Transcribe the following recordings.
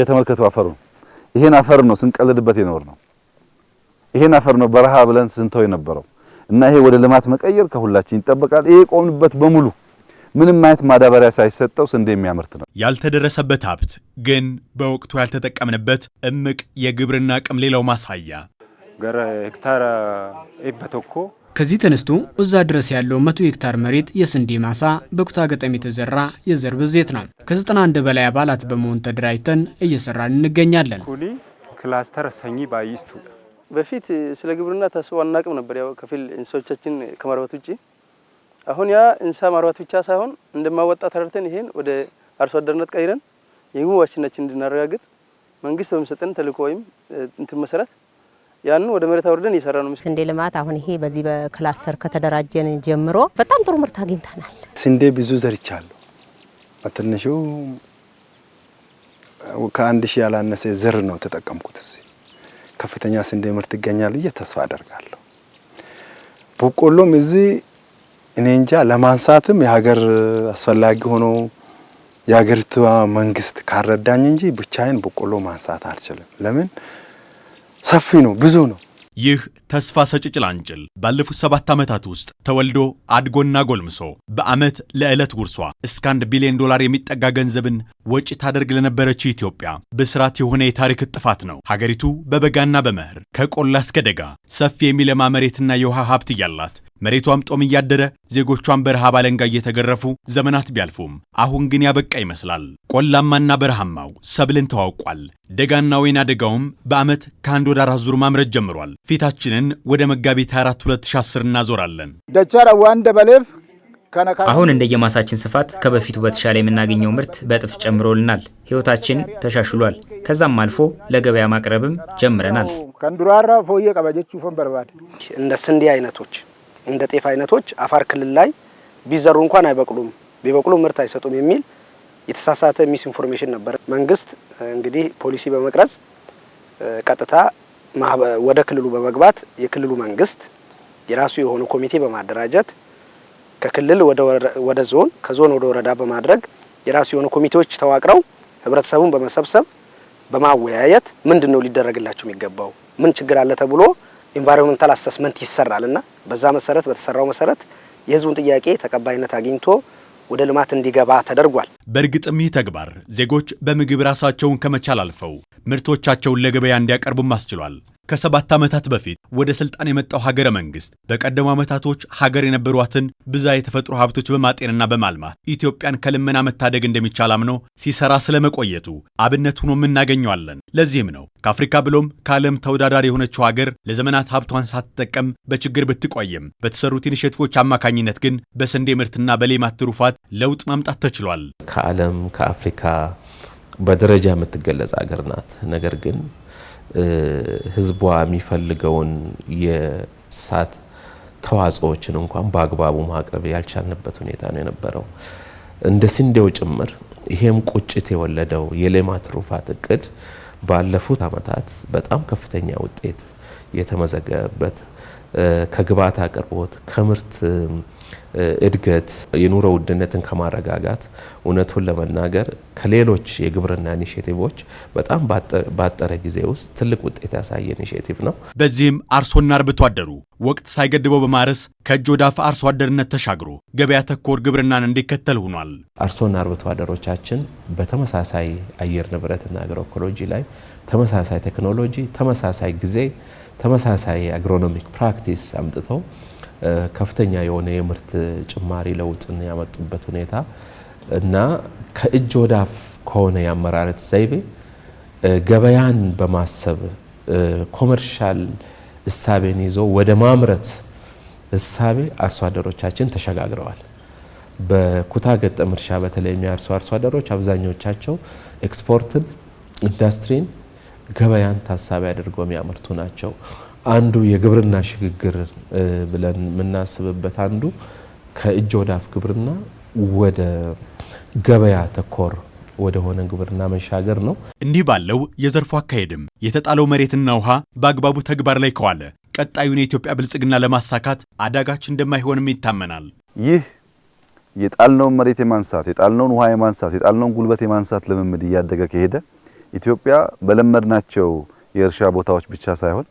የተመልከቱ አፈሩ ይሄን አፈር ነው ስንቀልድበት የኖር ነው። ይሄን አፈር ነው በረሃ ብለን ስንተው የነበረው እና ይሄ ወደ ልማት መቀየር ከሁላችን ይጠበቃል። ይሄ ቆምንበት በሙሉ ምንም አይነት ማዳበሪያ ሳይሰጠው ስንዴ የሚያመርት ነው። ያልተደረሰበት ሀብት ግን በወቅቱ ያልተጠቀምንበት እምቅ የግብርና አቅም ሌላው ማሳያ ገረ ሄክታር ኢበቶኮ ከዚህ ተነስቶ እዛ ድረስ ያለው መቶ ሄክታር መሬት የስንዴ ማሳ በኩታ ገጠም የተዘራ የዘር ብዜት ነው። ከ91 በላይ አባላት በመሆን ተደራጅተን እየሰራን እንገኛለን። ክላስተር ሰኚ ባይስቱ በፊት ስለ ግብርና ታስቦ አናቅም ነበር። ያው ከፊል እንስሳዎቻችን ከማርባት ውጭ አሁን ያ እንስሳ ማርባት ብቻ ሳይሆን እንደማወጣ ተረድተን ይሄን ወደ አርሶ አደርነት ቀይረን የግቡ ዋስትናችን እንድናረጋግጥ መንግስት በሚሰጠን ተልእኮ ወይም እንትን መሰረት ያን ወደ መሬት አውርደን እየሰራ ነው። ስንዴ ልማት አሁን ይሄ በዚህ በክላስተር ከተደራጀን ጀምሮ በጣም ጥሩ ምርት አግኝተናል። ስንዴ ብዙ ዘርቻለሁ። በትንሹ ከአንድ ሺህ ያላነሰ ዘር ነው ተጠቀምኩት። እዚህ ከፍተኛ ስንዴ ምርት ይገኛል ብዬ ተስፋ አደርጋለሁ። በቆሎም እዚህ እኔ እንጃ ለማንሳትም የሀገር አስፈላጊ ሆኖ የሀገሪቷ መንግስት ካረዳኝ እንጂ ብቻዬን በቆሎ ማንሳት አልችልም። ለምን ሰፊ ነው፣ ብዙ ነው። ይህ ተስፋ ሰጭ ጭላንጭል ባለፉት ሰባት ዓመታት ውስጥ ተወልዶ አድጎና ጎልምሶ በዓመት ለዕለት ጉርሷ እስከ አንድ ቢሊዮን ዶላር የሚጠጋ ገንዘብን ወጪ ታደርግ ለነበረችው ኢትዮጵያ ብስራት የሆነ የታሪክ ጥፋት ነው። ሀገሪቱ በበጋና በመኸር ከቆላ እስከ ደጋ ሰፊ የሚለማ መሬትና የውሃ ሀብት እያላት መሬቷም ጦም እያደረ ዜጎቿን በረሃብ አለንጋ እየተገረፉ ዘመናት ቢያልፉም አሁን ግን ያበቃ ይመስላል። ቆላማና በረሃማው ሰብልን ተዋውቋል። ደጋና ወይና ደጋውም በዓመት ከአንድ ወደ አራት ዙር ማምረት ጀምሯል። ፊታችንን ወደ መጋቢት 24 2010 እናዞራለን። ደቻራ ዋንደ በሌፍ አሁን እንደየማሳችን ስፋት ከበፊቱ በተሻለ የምናገኘው ምርት በጥፍ ጨምሮልናል። ህይወታችን ተሻሽሏል። ከዛም አልፎ ለገበያ ማቅረብም ጀምረናል። ከንዱራራ ፎየ እንደ ስንዴ አይነቶች እንደ ጤፍ አይነቶች አፋር ክልል ላይ ቢዘሩ እንኳን አይበቅሉም፣ ቢበቅሉ ምርት አይሰጡም የሚል የተሳሳተ ሚስ ኢንፎርሜሽን ነበር። መንግስት እንግዲህ ፖሊሲ በመቅረጽ ቀጥታ ወደ ክልሉ በመግባት የክልሉ መንግስት የራሱ የሆነ ኮሚቴ በማደራጀት ከክልል ወደ ዞን ከዞን ወደ ወረዳ በማድረግ የራሱ የሆኑ ኮሚቴዎች ተዋቅረው ህብረተሰቡን በመሰብሰብ በማወያየት ምንድን ነው ሊደረግላቸው የሚገባው ምን ችግር አለ ተብሎ ኢንቫይሮንመንታል አሰስመንት ይሰራል እና በዛ መሰረት በተሰራው መሰረት የህዝቡን ጥያቄ ተቀባይነት አግኝቶ ወደ ልማት እንዲገባ ተደርጓል። በእርግጥም ይህ ተግባር ዜጎች በምግብ ራሳቸውን ከመቻል አልፈው ምርቶቻቸውን ለገበያ እንዲያቀርቡም አስችሏል። ከሰባት ዓመታት በፊት ወደ ስልጣን የመጣው ሀገረ መንግስት በቀደሙ ዓመታቶች ሀገር የነበሯትን ብዛ የተፈጥሮ ሀብቶች በማጤንና በማልማት ኢትዮጵያን ከልመና መታደግ እንደሚቻል አምኖ ሲሰራ ስለመቆየቱ አብነት ሆኖም እናገኘዋለን። ለዚህም ነው ከአፍሪካ ብሎም ከዓለም ተወዳዳሪ የሆነችው ሀገር ለዘመናት ሀብቷን ሳትጠቀም በችግር ብትቆይም በተሰሩት ኢኒሼቲቮች አማካኝነት ግን በስንዴ ምርትና በሌማት ትሩፋት ለውጥ ማምጣት ተችሏል። ከዓለም ከአፍሪካ በደረጃ የምትገለጽ ሀገር ናት። ነገር ግን ህዝቧ የሚፈልገውን የእንስሳት ተዋጽኦዎችን እንኳን በአግባቡ ማቅረብ ያልቻልንበት ሁኔታ ነው የነበረው። እንደ ስንዴው ጭምር ይሄም ቁጭት የወለደው የሌማት ትሩፋት እቅድ ባለፉት አመታት በጣም ከፍተኛ ውጤት የተመዘገበበት ከግባት አቅርቦት ከምርት እድገት የኑሮ ውድነትን ከማረጋጋት እውነቱን ለመናገር ከሌሎች የግብርና ኢኒሽቲቮች በጣም ባጠረ ጊዜ ውስጥ ትልቅ ውጤት ያሳየ ኢኒሽቲቭ ነው። በዚህም አርሶና አርብቶ አደሩ ወቅት ሳይገድበው በማረስ ከእጅ ወደ አፍ አርሶ አደርነት ተሻግሮ ገበያ ተኮር ግብርናን እንዲከተል ሆኗል። አርሶና አርብቶ አደሮቻችን በተመሳሳይ አየር ንብረትና አግሮ ላይ ተመሳሳይ ቴክኖሎጂ፣ ተመሳሳይ ጊዜ ተመሳሳይ አግሮኖሚክ ፕራክቲስ አምጥተው ከፍተኛ የሆነ የምርት ጭማሪ ለውጥን ያመጡበት ሁኔታ እና ከእጅ ወዳፍ ከሆነ የአመራረት ዘይቤ ገበያን በማሰብ ኮመርሻል እሳቤን ይዞ ወደ ማምረት እሳቤ አርሶ አደሮቻችን ተሸጋግረዋል። በኩታ ገጠም እርሻ በተለይ የሚያርሱ አርሶ አደሮች አብዛኞቻቸው ኤክስፖርትን፣ ኢንዱስትሪን ገበያን ታሳቢ አድርገው የሚያመርቱ ናቸው። አንዱ የግብርና ሽግግር ብለን የምናስብበት አንዱ ከእጅ ወደ አፍ ግብርና ወደ ገበያ ተኮር ወደሆነ ግብርና መሻገር ነው። እንዲህ ባለው የዘርፉ አካሄድም የተጣለው መሬትና ውሃ በአግባቡ ተግባር ላይ ከዋለ ቀጣዩን የኢትዮጵያ ብልጽግና ለማሳካት አዳጋች እንደማይሆንም ይታመናል። ይህ የጣልነውን መሬት የማንሳት የጣልነውን ውሃ የማንሳት የጣልነውን ጉልበት የማንሳት ልምምድ እያደገ ከሄደ ኢትዮጵያ በለመድናቸው የእርሻ ቦታዎች ብቻ ሳይሆን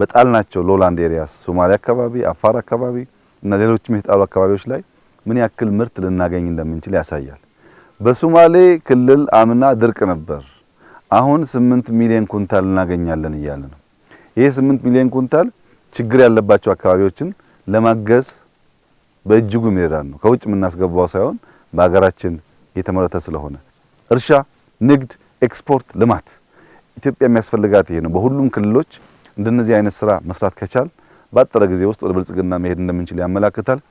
በጣልናቸው ሎላንድ ኤሪያስ ሶማሌ አካባቢ፣ አፋር አካባቢ እና ሌሎችም የተጣሉ አካባቢዎች ላይ ምን ያክል ምርት ልናገኝ እንደምንችል ያሳያል። በሶማሌ ክልል አምና ድርቅ ነበር። አሁን ስምንት ሚሊዮን ኩንታል እናገኛለን እያለ ነው። ይህ ስምንት ሚሊዮን ኩንታል ችግር ያለባቸው አካባቢዎችን ለማገዝ በእጅጉ የሚረዳን ነው። ከውጭ የምናስገባው ሳይሆን በሀገራችን የተመረተ ስለሆነ እርሻ፣ ንግድ ኤክስፖርት ልማት ኢትዮጵያ የሚያስፈልጋት ይሄ ነው። በሁሉም ክልሎች እንደነዚህ አይነት ስራ መስራት ከቻል በአጠረ ጊዜ ውስጥ ወደ ብልጽግና መሄድ እንደምንችል ያመላክታል።